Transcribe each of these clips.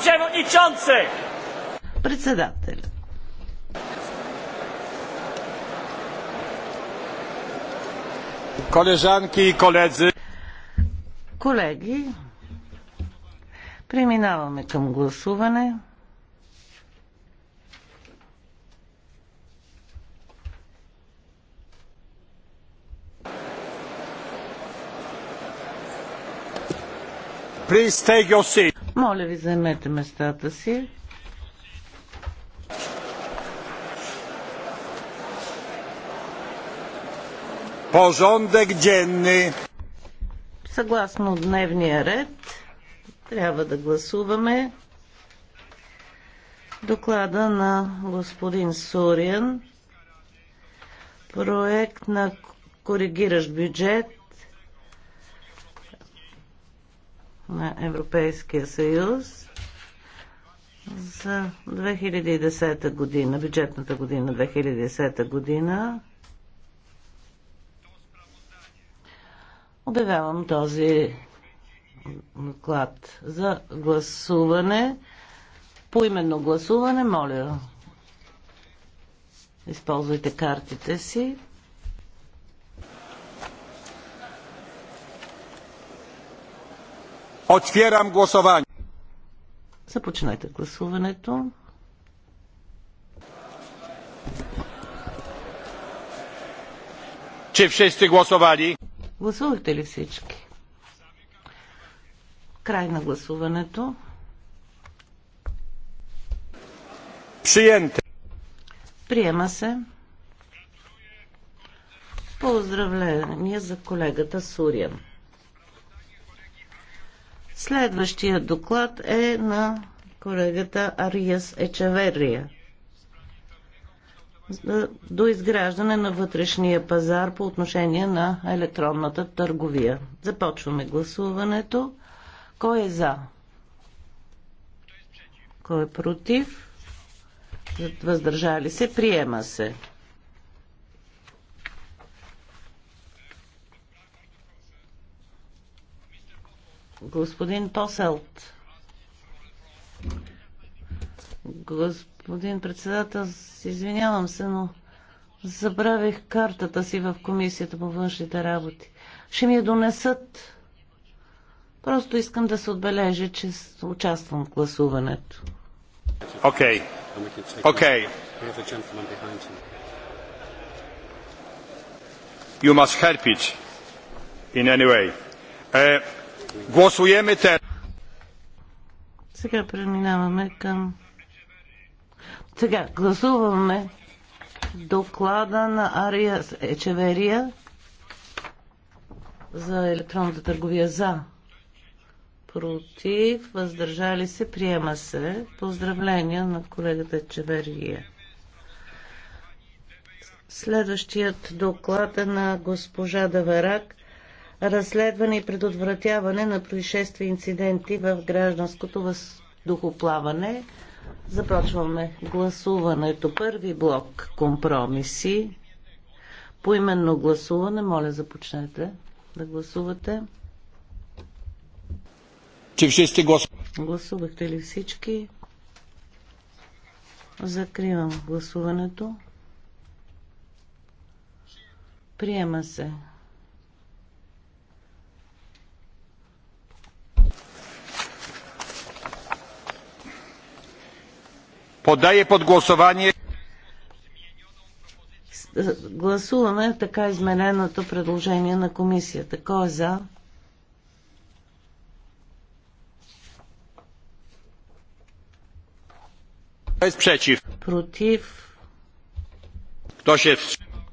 przewodniczący! Председател. Koleżanki i koledzy. Колеги, преминаваме към гласуване. Please take your seat. Моля ви, заемете местата си. Порządek Дженни. Съгласно дневния ред, трябва да гласуваме доклада на господин Сориан, проект на коригиращ бюджет на Европейския съюз за 2010 година, бюджетната година 2010 година. Обявявам този доклад за гласуване. По именно гласуване, моля, използвайте картите си. Отвирам гласование. Започнете гласуването. Че сте гласували? Гласувахте ли всички? Край на гласуването. Приемте. Приема се. Поздравления за колегата Сурян. Следващия доклад е на колегата Ариас Ечеверия до изграждане на вътрешния пазар по отношение на електронната търговия. Започваме гласуването. Кой е за? Кой е против? Въздържали се? Приема се. Господин Тоселт. Господин председател, извинявам се, но забравих картата си в комисията по външните работи. Ще ми я донесат. Просто искам да се отбележа, че участвам в гласуването. Окей. Окей. You must help it in any way. Uh, Гласуеме те. Сега преминаваме към... Сега гласуваме доклада на Ария Ечеверия за електронната търговия за. Против, въздържали се, приема се. Поздравления на колегата Ечеверия. Следващият доклад е на госпожа Даверак разследване и предотвратяване на происшествия и инциденти в гражданското въздухоплаване. Започваме гласуването. Първи блок компромиси. По именно гласуване, моля започнете да гласувате. Че Гласувахте ли всички? Закривам гласуването. Приема се. Podaję под гласование. Гласуваме така измененото предложение на комисията. Кой е за? Без против. Против. Кто ще е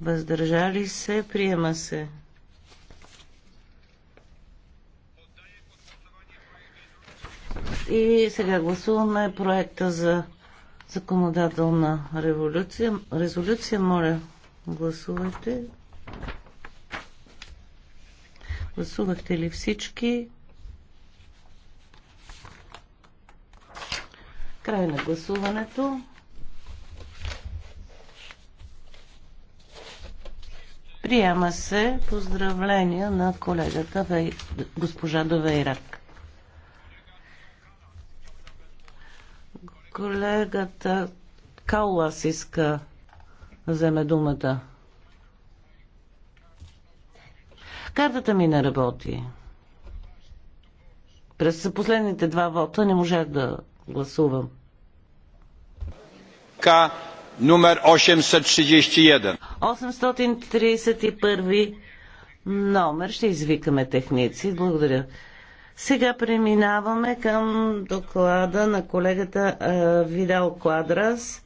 Въздържали се. Приема се. И сега гласуваме проекта за законодателна революция. Резолюция, моля, гласувайте. Гласувахте ли всички? Край на гласуването. Приема се поздравления на колегата госпожа Довейрак. Колегата Каулас иска да вземе думата. Картата ми не работи. През последните два вота не можах да гласувам. К номер 831. 831 номер. Ще извикаме техници. Благодаря. Сега преминаваме към доклада на колегата Видал Квадрас.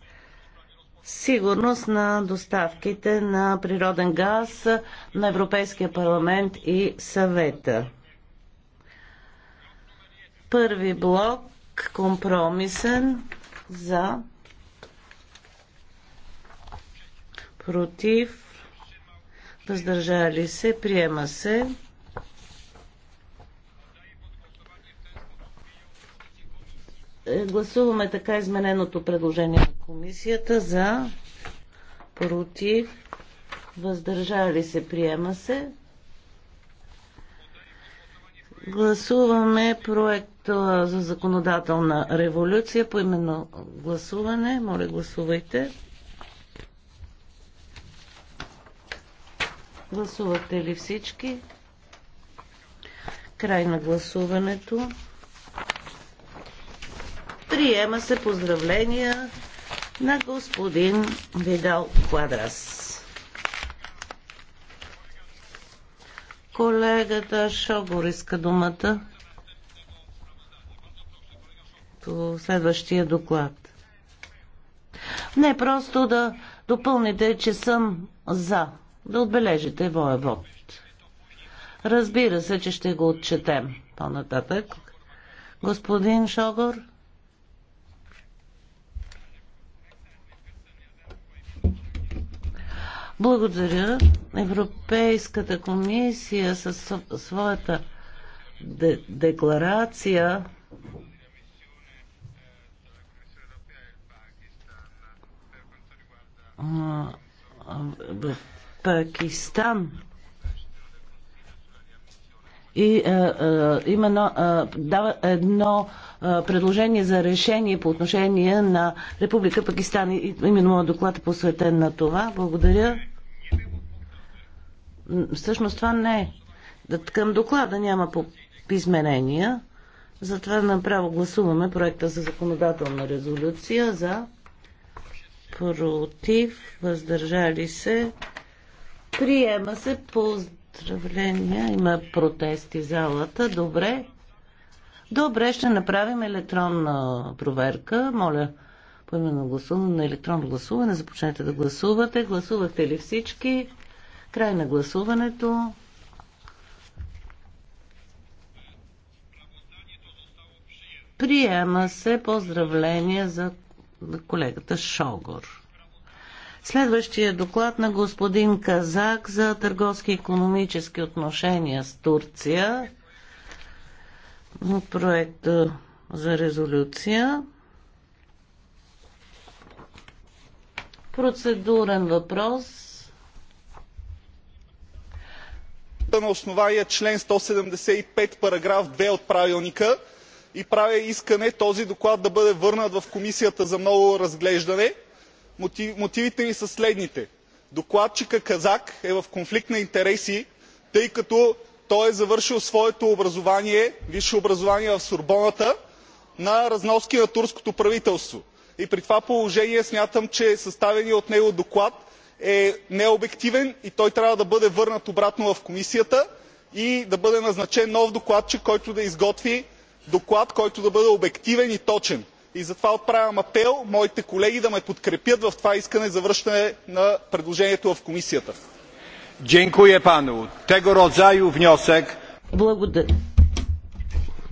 Сигурност на доставките на природен газ на Европейския парламент и съвета. Първи блок компромисен за против въздържали се, приема се. Е, гласуваме така измененото предложение на комисията за против въздържали се приема се. Гласуваме проекта за законодателна революция по именно гласуване. Моля, гласувайте. Гласувате ли всички? Край на гласуването. Приема се поздравления на господин Видал Квадрас. Колегата Шогор иска думата по следващия доклад. Не, просто да допълните, че съм за. Да отбележите воя вод. Разбира се, че ще го отчетем по-нататък. Господин Шогор? Благодаря. Европейската комисия със своята декларация в Пакистан и а, а, дава едно предложение за решение по отношение на Република Пакистан. И, именно моят доклад е посветен на това. Благодаря. Всъщност това не е. Към доклада няма изменения. Затова направо гласуваме проекта за законодателна резолюция за против, въздържали се. Приема се поздравления. Има протести в залата. Добре. Добре, ще направим електронна проверка. Моля, поименно гласуване на електронно гласуване. Започнете да гласувате. Гласувахте ли всички? Край на гласуването. Приема се поздравление за колегата Шогор. Следващия доклад на господин Казак за търговски и економически отношения с Турция. Проект за резолюция. Процедурен въпрос на основание чл. 175, параграф 2 от правилника и правя искане този доклад да бъде върнат в комисията за ново разглеждане. мотивите ми са следните докладчикът казак е в конфликт на интереси тъй като той е завършил своето висше образование в сорбоната на разноски на турското правителство и при това положение смятам че съставеният от него доклад е необективен и той трябва да бъде върнат обратно в комисията и да бъде назначен нов докладчик който да изготви доклад който да бъде обективен и точен. затова отправям апел моите колеги да ме подкрепят в това искане за връщане на предложението в комисията.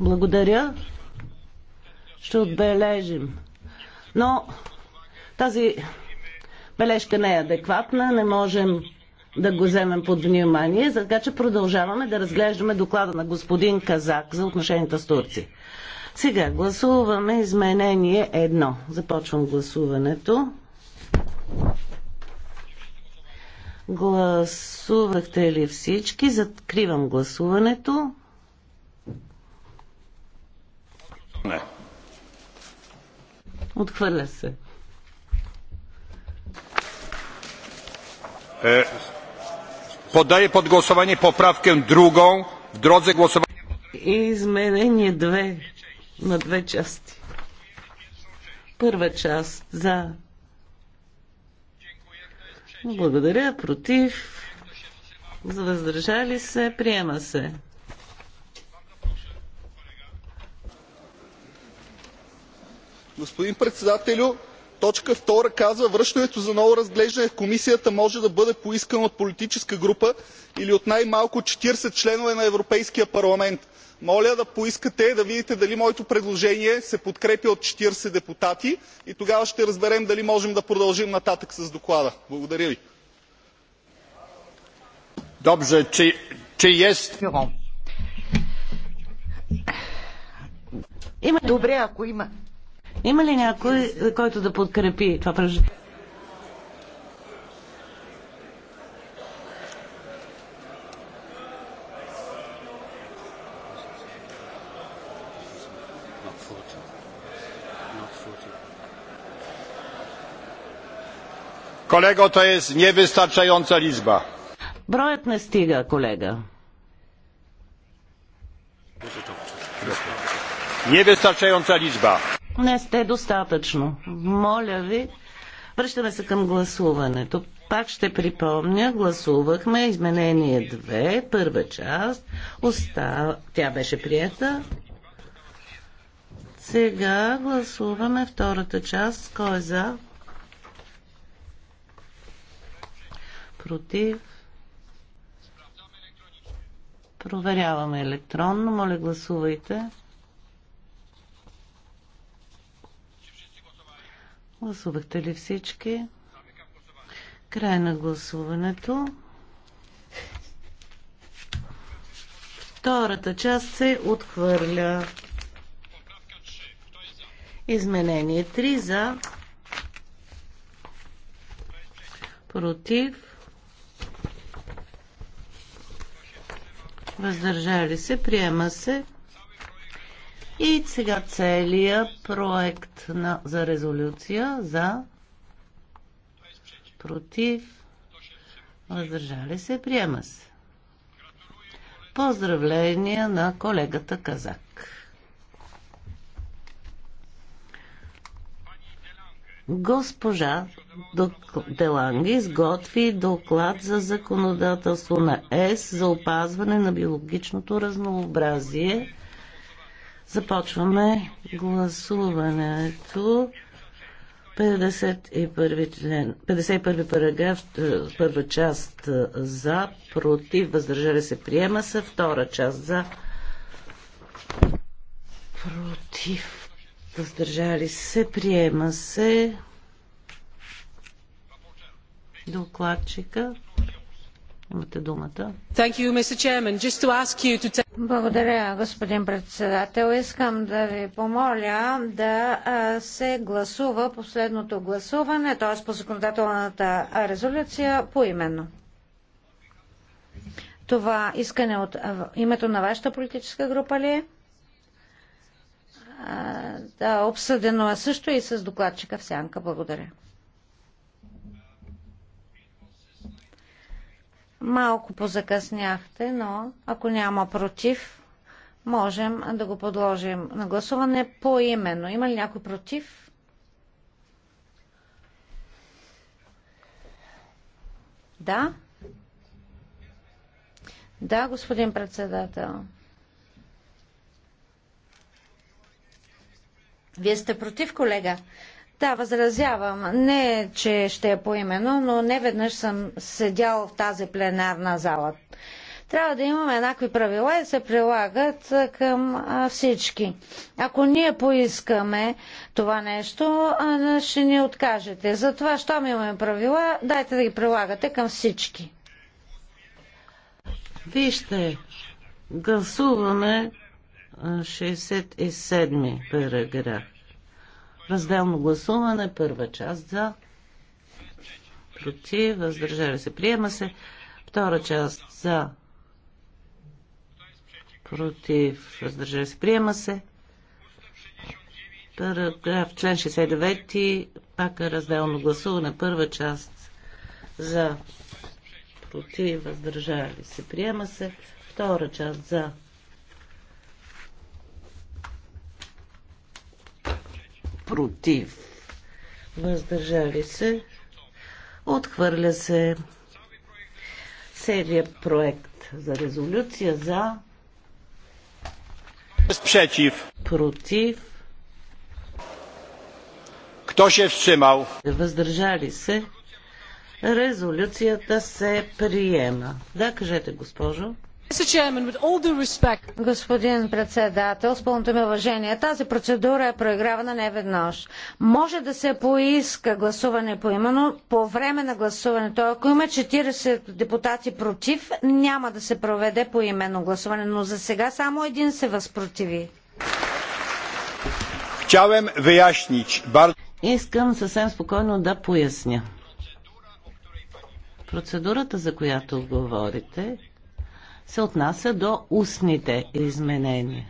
Благодаря. Ще отбележим. Но тази бележка не е адекватна, не можем да го вземем под внимание, така че продължаваме да разглеждаме доклада на господин Казак за отношенията с Турция. Сега гласуваме изменение едно. Започвам гласуването. Гласувахте ли всички? Закривам гласуването. Не. Отхвърля се. E, podaję pod głosowanie poprawkę drugą w drodze głosowania. Изменение две на две части. Първа част за. Благодаря. Против. Въздържали се. Приема се. Господин председателю, точка втора казва връщането за ново разглеждане в комисията може да бъде поискано от политическа група или от най малко 40 членове на европейския парламент. моля да поискате да видите дали моето предложение се подкрепя от 40 депутати и тогава ще разберем дали можем да продължим нататък с доклада. благодаря ви. Добре, ако има има ли някой, който да подкрепи това предложение? Kolego, to jest niewystarczająca liczba. Броят не стига, колега. Niewystarczająca liczba не сте достатъчно. Моля ви, връщаме се към гласуването. Пак ще припомня, гласувахме изменение 2, първа част. Остава... Тя беше прията. Сега гласуваме втората част. Кой е за? Против? Проверяваме електронно. Моля, гласувайте. Гласувахте ли всички? Край на гласуването. Втората част се отхвърля. Изменение 3 за против въздържали се, приема се. И сега целият проект на, за резолюция за против въздържали се, приема се. Поздравления на колегата Казак. Госпожа Деланги изготви доклад за законодателство на ЕС за опазване на биологичното разнообразие Започваме гласуването. 51, член, 51 параграф, е, първа част е, за, против, въздържали се, приема се, втора част за, против, въздържали се, приема се, докладчика. Имате думата. Благодаря, господин председател. Искам да ви помоля да се гласува последното гласуване, т.е. по законодателната резолюция поименно. Това искане от името на вашата политическа група ли е? Да, обсъдено е също и с докладчика в сянка. Благодаря. Малко позакъсняхте, но ако няма против, можем да го подложим на гласуване по именно. Има ли някой против? Да? Да, господин председател. Вие сте против, колега. Да, възразявам. Не, че ще е поимено, но не веднъж съм седял в тази пленарна зала. Трябва да имаме еднакви правила и да се прилагат към всички. Ако ние поискаме това нещо, ще ни откажете. Затова, щом имаме правила, дайте да ги прилагате към всички. Вижте, гласуваме 67 параграф. Разделно гласуване, първа част за, против, въздържали се, приема се. Втора част за, против, въздържали се, приема се. Параграф член 69, пак е разделно гласуване, първа част за, против, въздържали се, приема се. Втора част за, против, въздържали се, отхвърля се целият проект за резолюция за Sprzeciw. Против. ще е вземал? Въздържали се. Резолюцията се приема. Да, кажете, госпожо. Господин председател, с пълното ми уважение, тази процедура е проигравана не веднъж. Може да се поиска гласуване по именно по време на гласуването. Ако има 40 депутати против, няма да се проведе по гласуване, но за сега само един се възпротиви. Искам съвсем спокойно да поясня. Процедурата, за която говорите, се отнася до устните изменения.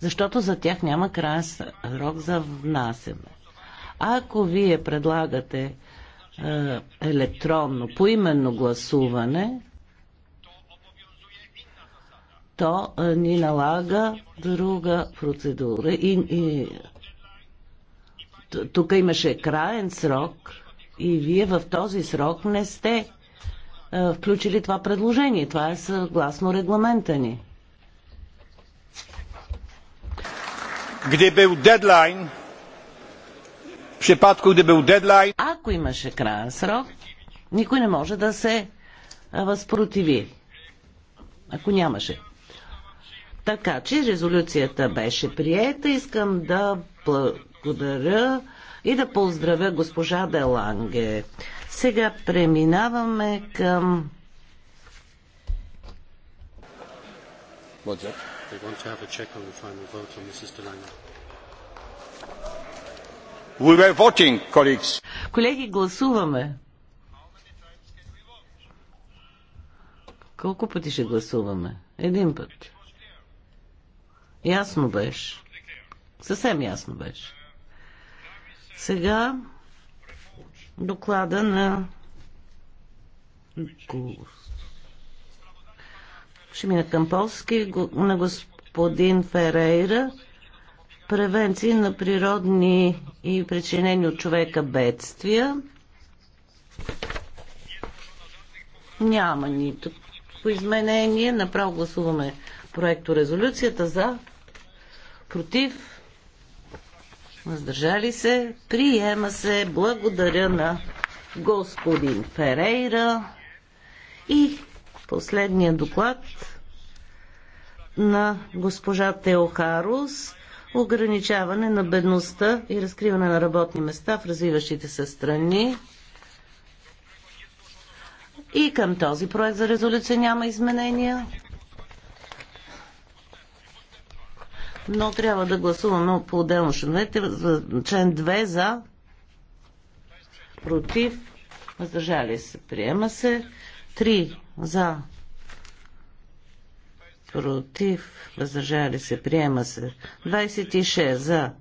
Защото за тях няма крайен срок за внасяне. Ако вие предлагате е, електронно, поименно гласуване, то е, ни налага друга процедура. И, и, тук имаше краен срок и вие в този срок не сте е, включили това предложение. Това е съгласно регламента ни. Ако имаше крайен срок, никой не може да се е, възпротиви. Ако нямаше. Така че резолюцията беше приета. Искам да благодаря и да поздравя госпожа Деланге. Сега преминаваме към We voting, Колеги, гласуваме. Колко пъти ще гласуваме? Един път. Ясно беше. Съвсем ясно беше. Сега доклада на ще мина към полски на господин Ферейра превенции на природни и причинени от човека бедствия. Няма нито по изменение. Направо гласуваме проекто резолюцията за против въздържали се, приема се, благодаря на господин Ферейра и последния доклад на госпожа Теохарус ограничаване на бедността и разкриване на работни места в развиващите се страни. И към този проект за резолюция няма изменения. но трябва да гласуваме по-отделно членовете. Член 2 за, против, въздържали се, приема се. 3 за, против, въздържали се, приема се. 26 за,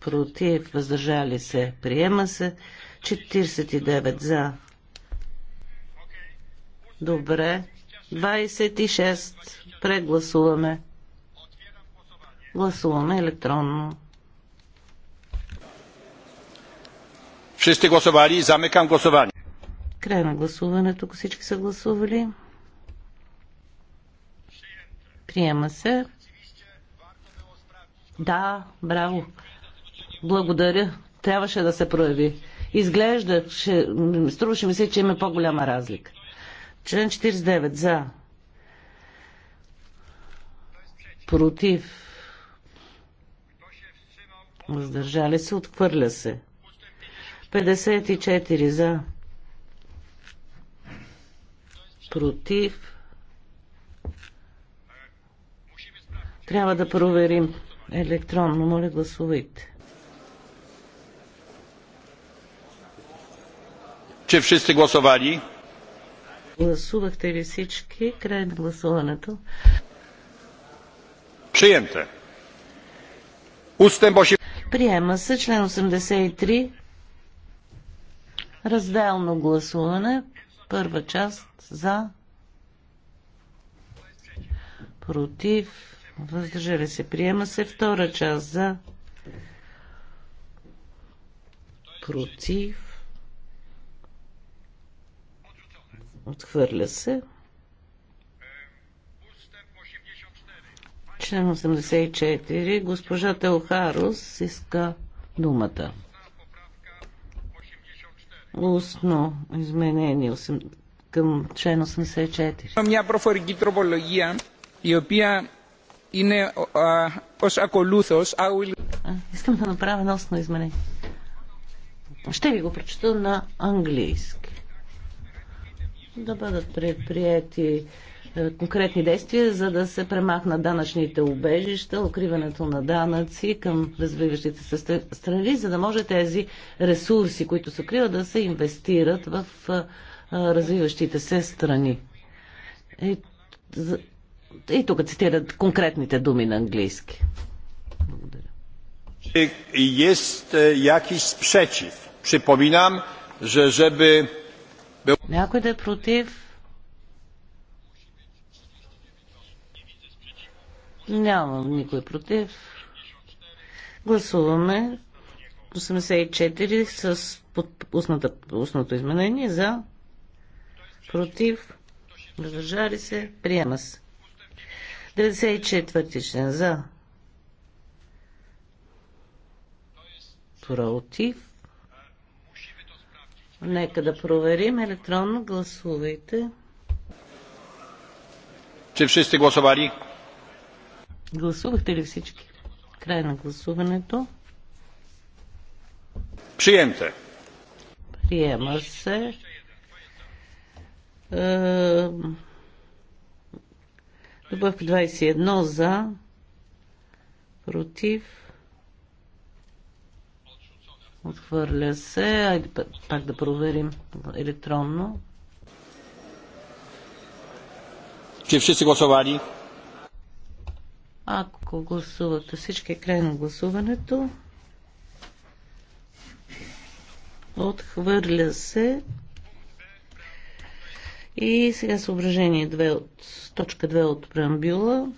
против, въздържали се, приема се. 49 за. Добре. 26. Прегласуваме. Гласуваме електронно. Всички гласували, замекам гласуване. Край на гласуването, ако всички са гласували. Приема се. Да, браво. Благодаря. Трябваше да се прояви. Изглежда, че, струваше ми се, че има по-голяма разлика. Член 49 за. Против. Въздържали се, отхвърля се. 54 за. Против. Трябва да проверим електронно. Моля, гласувайте. Че всички гласували? Гласувахте ли всички? Край на гласуването. Приемте. Устен Боши. Приема се член 83. Разделно гласуване. Първа част за. Против. Въздържали се. Приема се втора част за. Против Отхвърля се. Член 84. Госпожа Телхарус иска думата. Устно изменение към член 84. Μια προφορική τροπολογία η οποία είναι ως ακολούθος. Искам да направя устно изменение. Ще ви го прочета на английски да бъдат предприяти е, конкретни действия, за да се премахнат данъчните убежища, укриването на данъци към развиващите се страни, за да може тези ресурси, които се укриват, да се инвестират в е, е, развиващите се страни. И, и тук цитират конкретните думи на английски. Благодаря. Есть, jakiś sprzeciw. Przypominam, że някой да е против? Няма никой против. Гласуваме 84 с устната, устното изменение за против. Раздържали се. Приема се. 94 член за против. Нека да проверим електронно. Гласувайте. Че всички гласували? Гласувахте ли всички? Край на гласуването. Приемте. Приема се. Е, добавка 21 за, против, Отхвърля се. Айде пак да проверим електронно. Че всички гласували? Ако гласувате всички, е край на гласуването. Отхвърля се. И сега съображение 2 от, точка 2 от преамбюла.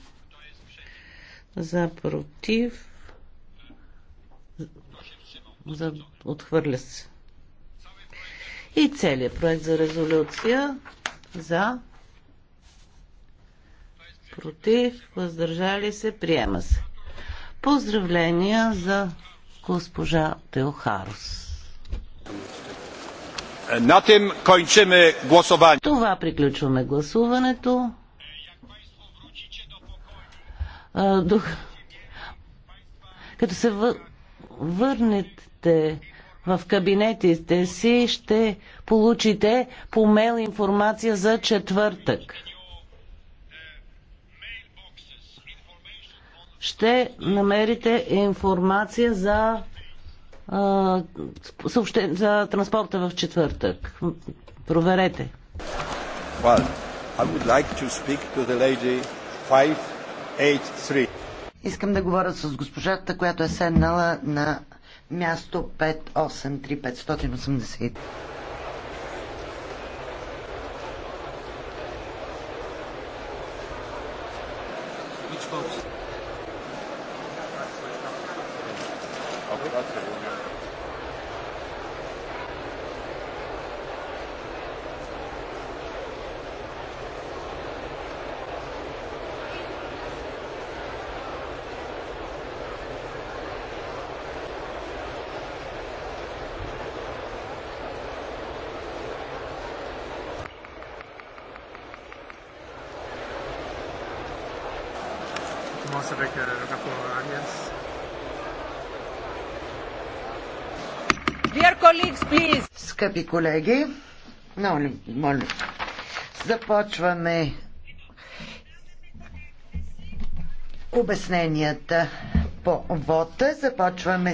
За против за отхвърля се. И целият проект за резолюция за против, въздържали се, приема се. Поздравления за госпожа Теохарус. Е, на тем кончиме Това приключваме гласуването. Е, Като се въ върнете в кабинетите си, ще получите по мейл информация за четвъртък. Ще намерите информация за, а, съобще, за транспорта в четвъртък. Проверете. Well, I would like to speak to the lady 583. Искам да говоря с госпожата, която е седнала на място 583580. Auch dazu, Скъпи колеги, моля, моля, започваме обясненията по вота. Започваме